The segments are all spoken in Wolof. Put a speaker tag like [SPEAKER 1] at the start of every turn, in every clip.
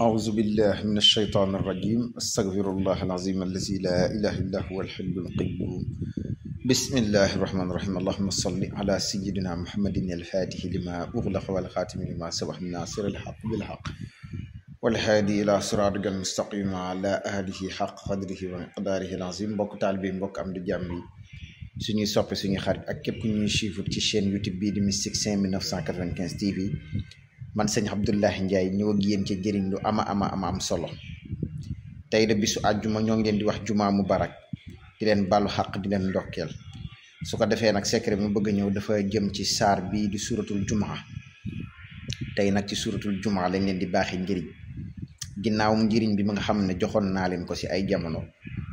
[SPEAKER 1] أعوذ بالله من الشيطان الرجيم أستغفر الله العظيم الذي لا إله إلا هو الحي القيوم بسم الله الرحمن الرحيم اللهم صل على سيدنا محمد الفاتح لما أغلق والخاتم لما سبق الناصر الحق بالحق والهادي إلى صراطك المستقيم على أهله حق قدره ومقداره العظيم بوك طالبي بوك أمد جامبي suñuy soppe suñu xarit ak képp ku ñuy suivre يوتيوب chaîne YouTube bii di Mystique 5995 TV man sëñ abdullahi njaay ñëw ak yéen ca lu ama ama ama am solo tey de bisu àjjuma ñoo ngi leen di wax mu barak di leen balu xaq di leen ndokkeel su ko defee nag secret mu bëgg ñëw dafa jëm ci saar bii di suratul Juma tey nak ci suratul jumaa lañ leen di baaxi njëriñ ginnaawum njëriñ bi ma nga xam ne joxoon naa ko si ay jamono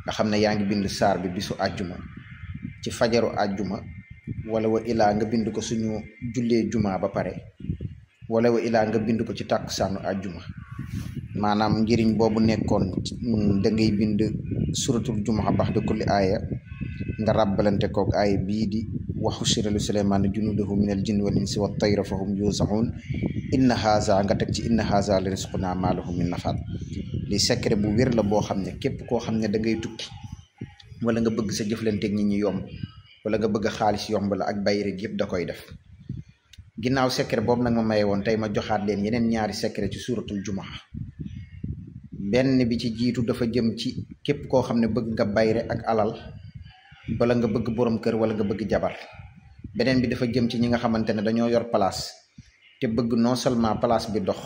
[SPEAKER 1] nga xam ne yaa ngi bind saar bi bisu àjjuma ci fajaru àjjuma wala wa ilaa nga bind ko suñu jullee jumaa ba pare wala wa ilaa nga bind ko ci tàkkusaanu àjjuma maanaam njëriñ boobu nekkoon da ngay bind suratul jumaa ba'da kulli aaya nga rabbalante kook aaya bii di wa hushira li suleymaana junuudahu min al jinni wal insi wat tayra fa hum yuzaun xaasaa nga teg ci inna haza la risquna ma lahu min nafaat li secret bu wér la boo xam ne képp koo xam ne dangay ngay tukki wala nga bëgg sa jëflanteeg nit ñu yomb wala nga bëgg xaalis yomb la ak bayre gi da koy def ginnaaw secret boobu nag ma maye woon tey ma joxaat leen yeneen ñaari secret ci suuratul jumaa benn bi ci jiitu dafa jëm ci képp koo xam ne bëgg nga bayre ak alal bala nga bëgg borom kër wala nga bëgg jabar beneen bi dafa jëm ci ñi nga xamante ne dañoo yor place te bëgg non seulement place bi dox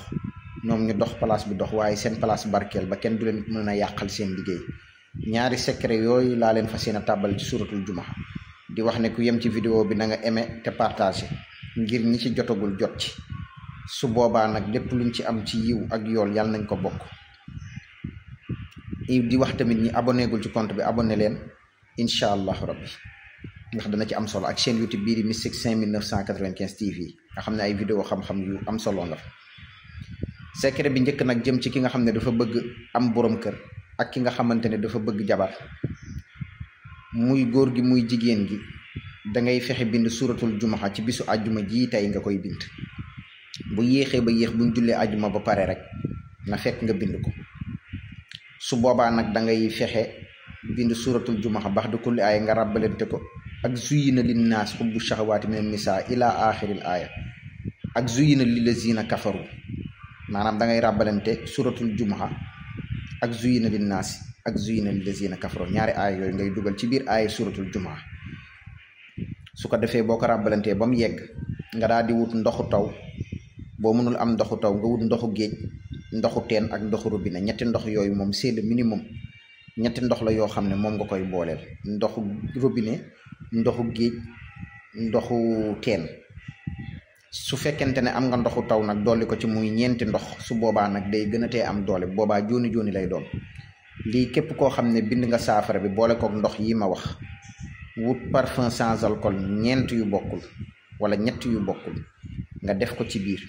[SPEAKER 1] ñoom ñu dox place bi dox waaye seen place barkeel ba kenn du leen mën a yàqal seen liggéey ñaari secret yooyu laa leen fas yéene ci suuratul jumaa di wax ne ku yem ci vidéo bi na nga aimé te partagé ngir ñi ci jotagul jot ci su boobaa nag lépp luñ ci am ci yiw ak yool yàlla nañ ko bokk i di wax tamit ñi abonné gul ci compte bi abone leen incha allahu rabbi ndax dana ci am solo ak chaîne YouTube bii di Mystique 5995 TV nga xam ne ay vidéo xam-xam yu am solo nga fa secret bi njëkk nag jëm ci ki nga xam ne dafa bëgg am boroom kër ak ki nga xamante ne dafa bëgg jabar muy góor gi muy jigéen gi da ngay fexe bind suuratul jumaxa ci bisu àjjuma ji tey nga koy bind bu yéexee ba yéex buñ jullee àjjuma ba pare rek na fekk nga bind ko su boobaa nag dangay fexe bind suuratul jumaxa bax da kulli aaya nga ràbbalante ko ak zuyina linnaas xubbu shahawaati min nisaa ila axiril aaya ak zuyina lillazina kafaru maanaam da ngay ràbbalante suuratul jumaxa ak zuyina linnaas ak zuyina lillazina kafaru ñaari aaya yooyu ngay dugal ci biir aaya suuratul jumaxa su ko defee boo ko ràbbalantee ba mu yegg nga daal di wut ndoxu taw boo mënul am ndoxu taw nga wut ndoxu géej ndoxu teen ak ndoxu robinet ñetti ndox yooyu moom c'est le minimum ñetti ndox la yoo xam ne moom nga koy booleel ndoxu robinet ndoxu géej ndoxu teen su fekkente ne am nga ndoxu taw nag dolli ko ci muy ñeenti ndox su boobaa nag day gën a am doole boobaa jooni jooni lay doon lii képp koo xam ne bind nga saafara bi boole kook ndox yi ma wax wut parfum sans alcool ñeent yu bokkul wala ñett yu bokkul nga def ko ci biir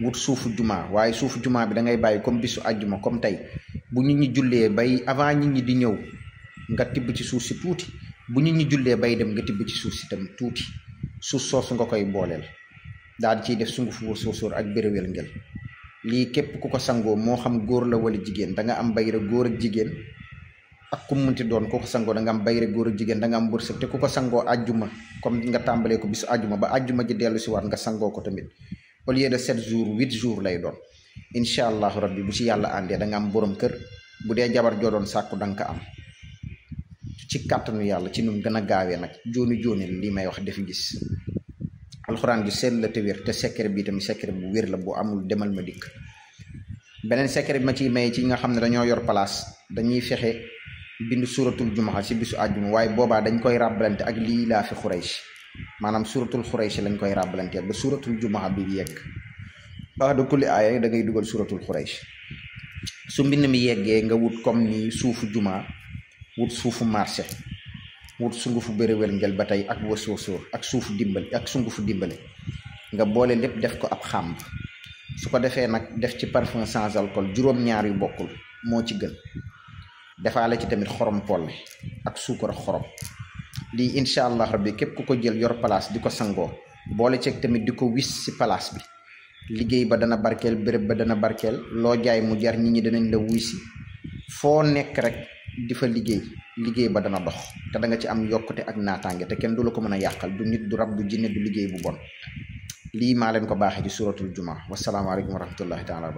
[SPEAKER 1] wut suufu jumaa waaye suufu jumaa bi da ngay bàyyi comme bisu àjjuma comme tey bu ñu ñi jullee bay avant nit ñi di ñëw nga tibb ci suuf si tuuti bu nit ñi jullee bay dem nga tibb ci suuf si tam tuuti suuf soosu nga koy booleel daal di ciy def sungufu wër soosóor ak béréwél ngel lii képp ku ko sangoo moo xam góor la wala jigéen da nga am bayra góor ak jigéen ak ku munti don ko sangoo da nga am bayre góor jigéen da nga am wërsëg te ku ko sangoo ajjuma comme nga tàmbalee ko bisu ajjuma ba ajjuma ji dellu si waat nga sangoo ko tamit au lieu de sept jours huit jours lay doon incha rabbi bu ci yàlla àndee da nga borom jabar joo doon sàkku da am ci kàttanu yàlla ci num gën a gaawee nag jooni jooni li may wax defi gis alxuraan ju seet la te te secret bi secret bu la bu amul demal ma dikk beneen secret bi ma ciy maye ci nga xam dañoo yor place dañuy bind suratul jumaa si bisu àjjuma waaye boobaa dañ koy ràbbalante ak lii laa fi xuraysh maanaam suratul xuraysh lañ koy ràbbalanteel ba suratul jumaa bi yegg baada kulli aaya da ngay dugal suratul xuraysh su mbind mi yeggee nga wut comme ni suufu jumaa wut suufu marché wut sungufu béréwél ngel ba tey ak wasoosóor ak suufu dimbali ak sungufu dimbali nga boole lépp def ko ab xàmb su ko defee nag def ci parfum sans alcool juróom-ñaar yu moo ci gën defaale ci tamit xorom polle ak suukar xorom lii incha allah rabbi képp ku ko jël yor place di sango. sangoo boole ceeg tamit di ko wis place bi liggéey ba dana barkeel béréb ba dana barkeel loo jaay mu jar nit ñi danañ la wuy si foo nekk rek di fa liggéey ba dana dox te da nga ci am yokkute ak naataange te kenn du la ko mën a yàqal du nit du rab du jinne du liggéey bu bon lii maa leen ko baaxee ci suratul juma wasalaamaaleykum wa rahmatullahi taala